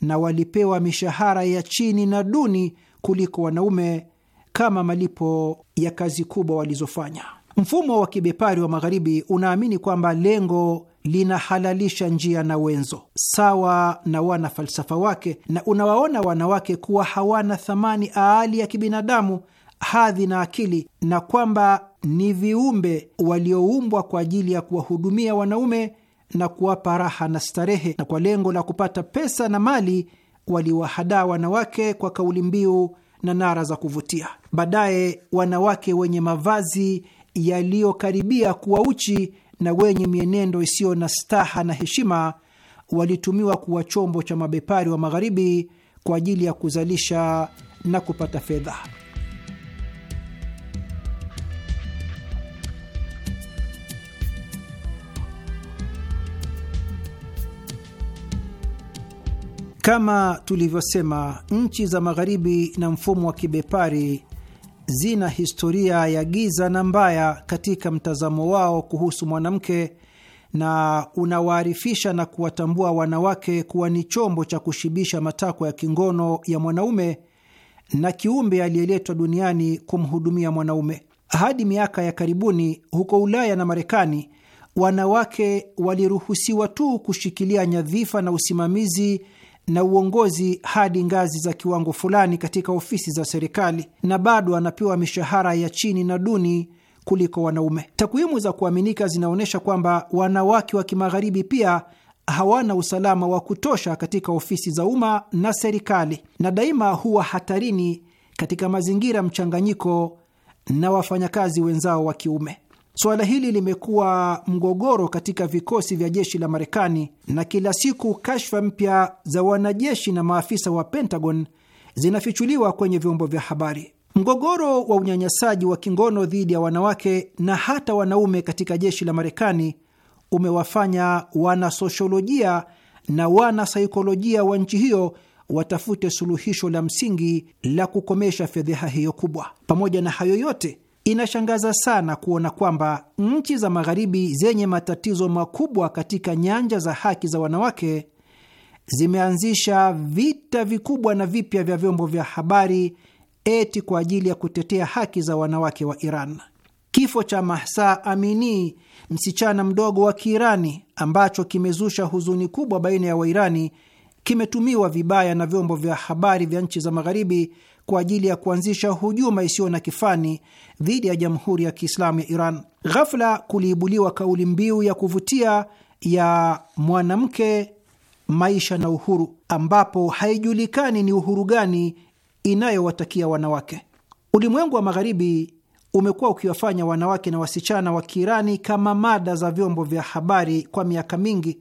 na walipewa mishahara ya chini na duni kuliko wanaume kama malipo ya kazi kubwa walizofanya. Mfumo wa kibepari wa Magharibi unaamini kwamba lengo linahalalisha njia na wenzo sawa na wana falsafa wake, na unawaona wanawake kuwa hawana thamani aali ya kibinadamu, hadhi na akili, na kwamba ni viumbe walioumbwa kwa ajili ya kuwahudumia wanaume na kuwapa raha na starehe, na kwa lengo la kupata pesa na mali waliwahadaa wanawake kwa kauli mbiu na nara za kuvutia. Baadaye wanawake wenye mavazi yaliyokaribia kuwa uchi na wenye mienendo isiyo na staha na heshima walitumiwa kuwa chombo cha mabepari wa Magharibi kwa ajili ya kuzalisha na kupata fedha. Kama tulivyosema, nchi za Magharibi na mfumo wa kibepari zina historia ya giza na mbaya katika mtazamo wao kuhusu mwanamke na unawaarifisha na kuwatambua wanawake kuwa ni chombo cha kushibisha matakwa ya kingono ya mwanaume na kiumbe aliyeletwa duniani kumhudumia mwanaume. Hadi miaka ya karibuni huko Ulaya na Marekani, wanawake waliruhusiwa tu kushikilia nyadhifa na usimamizi na uongozi hadi ngazi za kiwango fulani katika ofisi za serikali, na bado anapewa mishahara ya chini na duni kuliko wanaume. Takwimu za kuaminika zinaonyesha kwamba wanawake wa kimagharibi pia hawana usalama wa kutosha katika ofisi za umma na serikali, na daima huwa hatarini katika mazingira mchanganyiko na wafanyakazi wenzao wa kiume. Suala hili limekuwa mgogoro katika vikosi vya jeshi la Marekani, na kila siku kashfa mpya za wanajeshi na maafisa wa Pentagon zinafichuliwa kwenye vyombo vya habari. Mgogoro wa unyanyasaji wa kingono dhidi ya wanawake na hata wanaume katika jeshi la Marekani umewafanya wanasosiolojia na wanasaikolojia wa nchi hiyo watafute suluhisho la msingi la kukomesha fedheha hiyo kubwa. Pamoja na hayo yote Inashangaza sana kuona kwamba nchi za Magharibi zenye matatizo makubwa katika nyanja za haki za wanawake zimeanzisha vita vikubwa na vipya vya vyombo vya habari eti kwa ajili ya kutetea haki za wanawake wa Iran. Kifo cha Mahsa Amini, msichana mdogo wa Kiirani, ambacho kimezusha huzuni kubwa baina ya Wairani, kimetumiwa vibaya na vyombo vya habari vya nchi za Magharibi kwa ajili ya kuanzisha hujuma isiyo na kifani dhidi ya Jamhuri ya Kiislamu ya Iran. Ghafla kuliibuliwa kauli mbiu ya kuvutia ya mwanamke, maisha na uhuru, ambapo haijulikani ni uhuru gani inayowatakia wanawake. Ulimwengu wa Magharibi umekuwa ukiwafanya wanawake na wasichana wa Kiirani kama mada za vyombo vya habari kwa miaka mingi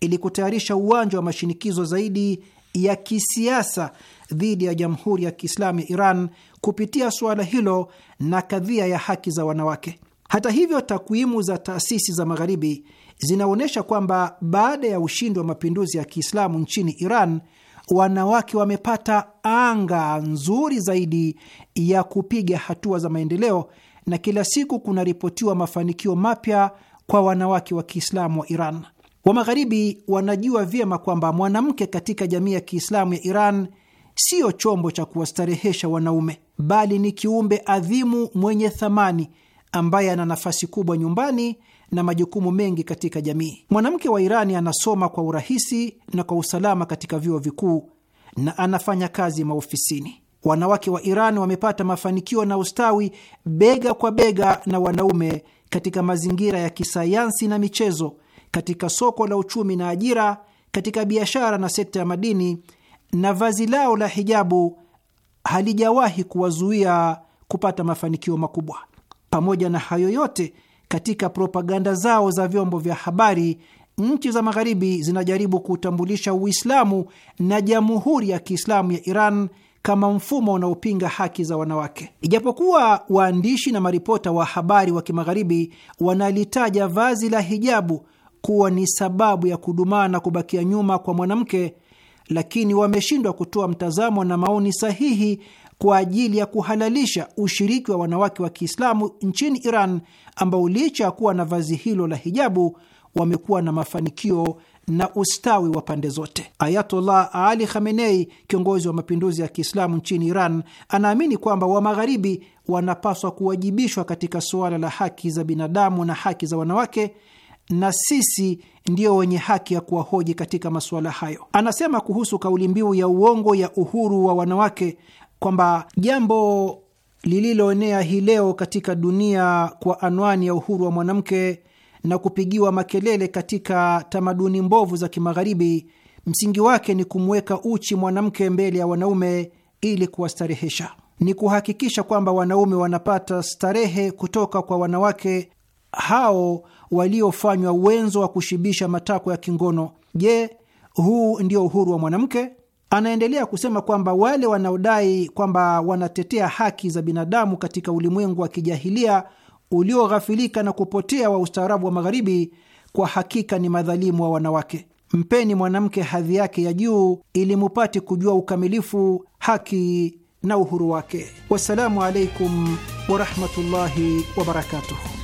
ili kutayarisha uwanja wa mashinikizo zaidi ya kisiasa dhidi ya Jamhuri ya Kiislamu ya Iran kupitia suala hilo na kadhia ya haki za wanawake. Hata hivyo, takwimu za taasisi za Magharibi zinaonyesha kwamba baada ya ushindi wa mapinduzi ya Kiislamu nchini Iran, wanawake wamepata anga nzuri zaidi ya kupiga hatua za maendeleo na kila siku kunaripotiwa mafanikio mapya kwa wanawake wa Kiislamu wa Iran. Wa Magharibi wanajua vyema kwamba mwanamke katika jamii ya Kiislamu ya Iran siyo chombo cha kuwastarehesha wanaume, bali ni kiumbe adhimu mwenye thamani ambaye ana nafasi kubwa nyumbani na majukumu mengi katika jamii. Mwanamke wa Irani anasoma kwa urahisi na kwa usalama katika vyuo vikuu na anafanya kazi maofisini. Wanawake wa Iran wamepata mafanikio na ustawi bega kwa bega na wanaume katika mazingira ya kisayansi na michezo katika soko la uchumi na ajira, katika biashara na sekta ya madini, na vazi lao la hijabu halijawahi kuwazuia kupata mafanikio makubwa. Pamoja na hayo yote, katika propaganda zao za vyombo vya habari, nchi za Magharibi zinajaribu kuutambulisha Uislamu na Jamhuri ya Kiislamu ya Iran kama mfumo unaopinga haki za wanawake. Ijapokuwa waandishi na maripota wa habari wa kimagharibi wanalitaja vazi la hijabu kuwa ni sababu ya kudumaa na kubakia nyuma kwa mwanamke, lakini wameshindwa kutoa mtazamo na maoni sahihi kwa ajili ya kuhalalisha ushiriki wa wanawake wa Kiislamu nchini Iran, ambao licha ya kuwa na vazi hilo la hijabu wamekuwa na mafanikio na ustawi wa pande zote. Ayatollah Ali Khamenei, kiongozi wa mapinduzi ya Kiislamu nchini Iran, anaamini kwamba wa Magharibi wanapaswa kuwajibishwa katika suala la haki za binadamu na haki za wanawake na sisi ndiyo wenye haki ya kuwahoji katika masuala hayo. Anasema kuhusu kauli mbiu ya uongo ya uhuru wa wanawake kwamba jambo lililoenea hii leo katika dunia kwa anwani ya uhuru wa mwanamke na kupigiwa makelele katika tamaduni mbovu za Kimagharibi, msingi wake ni kumweka uchi mwanamke mbele ya wanaume ili kuwastarehesha. Ni kuhakikisha kwamba wanaume wanapata starehe kutoka kwa wanawake hao waliofanywa wenzo wa kushibisha matakwa ya kingono. Je, huu ndio uhuru wa mwanamke? Anaendelea kusema kwamba wale wanaodai kwamba wanatetea haki za binadamu katika ulimwengu wa kijahilia ulioghafilika na kupotea wa ustaarabu wa Magharibi, kwa hakika ni madhalimu wa wanawake. Mpeni mwanamke hadhi yake ya juu ili mupate kujua ukamilifu, haki na uhuru wake. Wassalamu alaikum warahmatullahi wabarakatuh.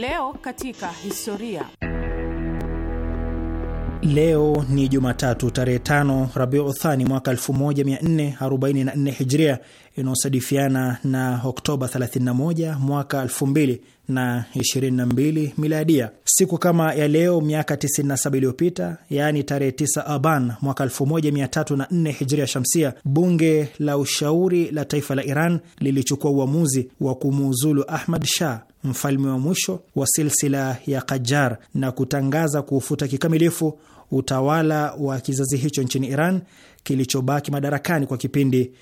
Leo katika historia. Leo ni Jumatatu tarehe tano Rabiu uthani mwaka 1444 Hijria, inayosadifiana na Oktoba 31 mwaka 2022 Miladia. Siku kama ya leo miaka 97 iliyopita, yaani tarehe 9 Aban mwaka 1304 Hijria Shamsia, bunge la ushauri la taifa la Iran lilichukua uamuzi wa kumuuzulu Ahmad Shah mfalme wa mwisho wa silsila ya Qajar na kutangaza kuufuta kikamilifu utawala wa kizazi hicho nchini Iran kilichobaki madarakani kwa kipindi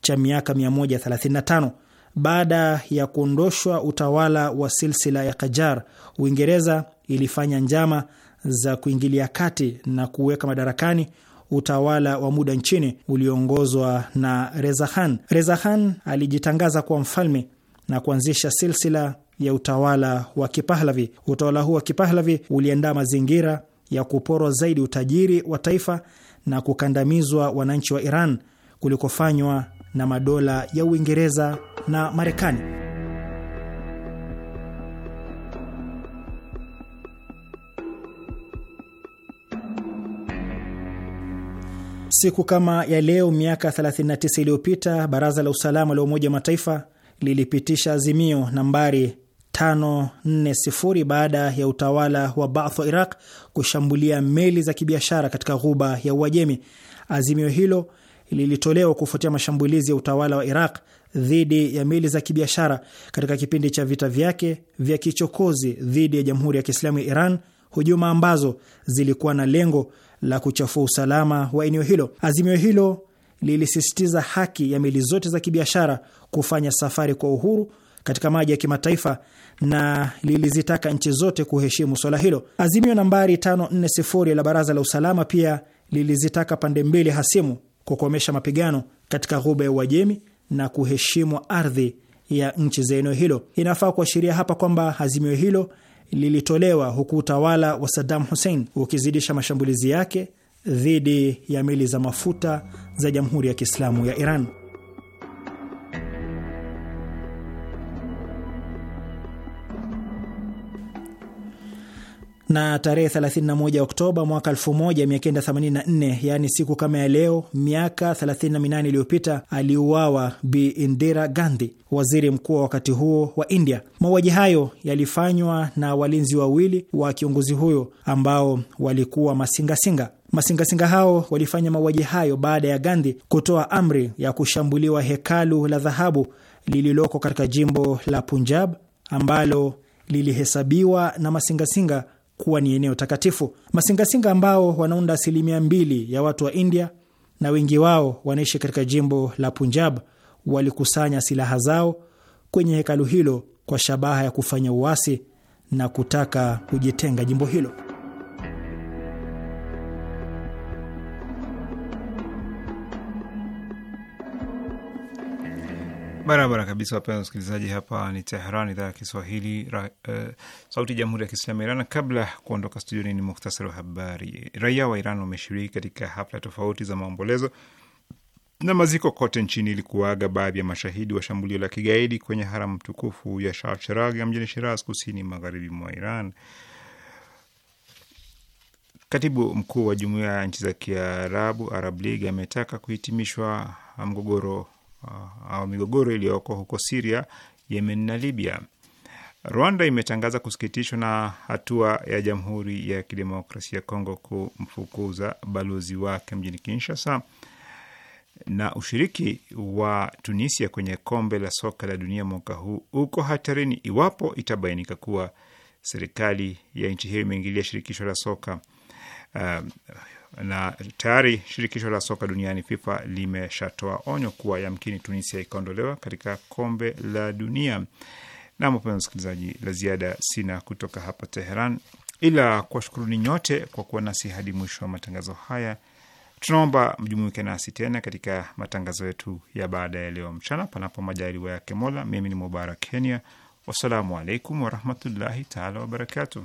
cha miaka 135. Baada ya kuondoshwa utawala wa silsila ya Qajar, Uingereza ilifanya njama za kuingilia kati na kuweka madarakani utawala wa muda nchini ulioongozwa na Reza Khan. Reza Khan alijitangaza kuwa mfalme na kuanzisha silsila ya utawala wa Kipahlavi. Utawala huu wa Kipahlavi uliandaa mazingira ya kuporwa zaidi utajiri wa taifa na kukandamizwa wananchi wa Iran kulikofanywa na madola ya Uingereza na Marekani. Siku kama ya leo miaka 39 iliyopita, Baraza la Usalama la Umoja wa Mataifa lilipitisha azimio nambari 540 baada ya utawala wa Baath wa Iraq kushambulia meli za kibiashara katika ghuba ya Uajemi. Azimio hilo lilitolewa kufuatia mashambulizi ya utawala wa Iraq dhidi ya meli za kibiashara katika kipindi cha vita vyake vya kichokozi dhidi ya Jamhuri ya Kiislamu ya Iran, hujuma ambazo zilikuwa na lengo la kuchafua usalama wa eneo hilo. Azimio hilo lilisisitiza haki ya meli zote za kibiashara kufanya safari kwa uhuru katika maji ya kimataifa na lilizitaka nchi zote kuheshimu swala hilo. Azimio nambari 540 la Baraza la Usalama pia lilizitaka pande mbili hasimu kukomesha mapigano katika Ghuba ya Uajemi na kuheshimu ardhi ya nchi za eneo hilo. Inafaa kuashiria hapa kwamba azimio hilo lilitolewa huku utawala wa Saddam Hussein ukizidisha mashambulizi yake dhidi ya meli za mafuta za Jamhuri ya Kiislamu ya Iran. na tarehe 31 Oktoba mwaka 1984, yaani siku kama ya leo miaka 38 iliyopita, aliuawa Bi Indira Gandhi, waziri mkuu wa wakati huo wa India. Mauaji hayo yalifanywa na walinzi wawili wa kiongozi huyo ambao walikuwa masingasinga. Masingasinga hao walifanya mauaji hayo baada ya Gandhi kutoa amri ya kushambuliwa hekalu la dhahabu lililoko katika jimbo la Punjab ambalo lilihesabiwa na masingasinga kuwa ni eneo takatifu. Masingasinga ambao wanaunda asilimia mbili ya watu wa India na wengi wao wanaishi katika jimbo la Punjab walikusanya silaha zao kwenye hekalu hilo kwa shabaha ya kufanya uasi na kutaka kujitenga jimbo hilo. Barabara kabisa, wapenzi wasikilizaji, hapa ni tehran idhaa ya Kiswahili, uh, sauti ya jamhuri ya kiislamu ya Iran. Kabla ya kuondoka studioni, ni muktasari wa habari. Raia wa Iran wameshiriki katika hafla tofauti za maombolezo na maziko kote nchini ili kuaga baadhi ya mashahidi wa shambulio la kigaidi kwenye haramu tukufu ya Shah Cheragh ya mjini Shiraz, kusini magharibi mwa Iran. Katibu mkuu wa jumuiya ya nchi za Kiarabu, Arab League, ametaka kuhitimishwa mgogoro Ah, au migogoro iliyoko huko Siria, Yemen na Libya. Rwanda imetangaza kusikitishwa na hatua ya Jamhuri ya Kidemokrasia ya Kongo kumfukuza balozi wake mjini Kinshasa na ushiriki wa Tunisia kwenye kombe la soka la dunia mwaka huu uko hatarini iwapo itabainika kuwa serikali ya nchi hiyo imeingilia shirikisho la soka uh, na tayari shirikisho la soka duniani FIFA limeshatoa onyo kuwa yamkini Tunisia ikaondolewa katika kombe la dunia. Na mpenzi msikilizaji, la ziada sina kutoka hapa Teheran, ila kuwashukuruni nyote kwa kuwa nasi hadi mwisho wa matangazo haya. Tunaomba mjumuike nasi tena katika matangazo yetu ya baada ya leo mchana, panapo majaliwa yake Mola. Mimi ni Mubarak Kenya, wassalamu alaikum warahmatullahi taala wabarakatuh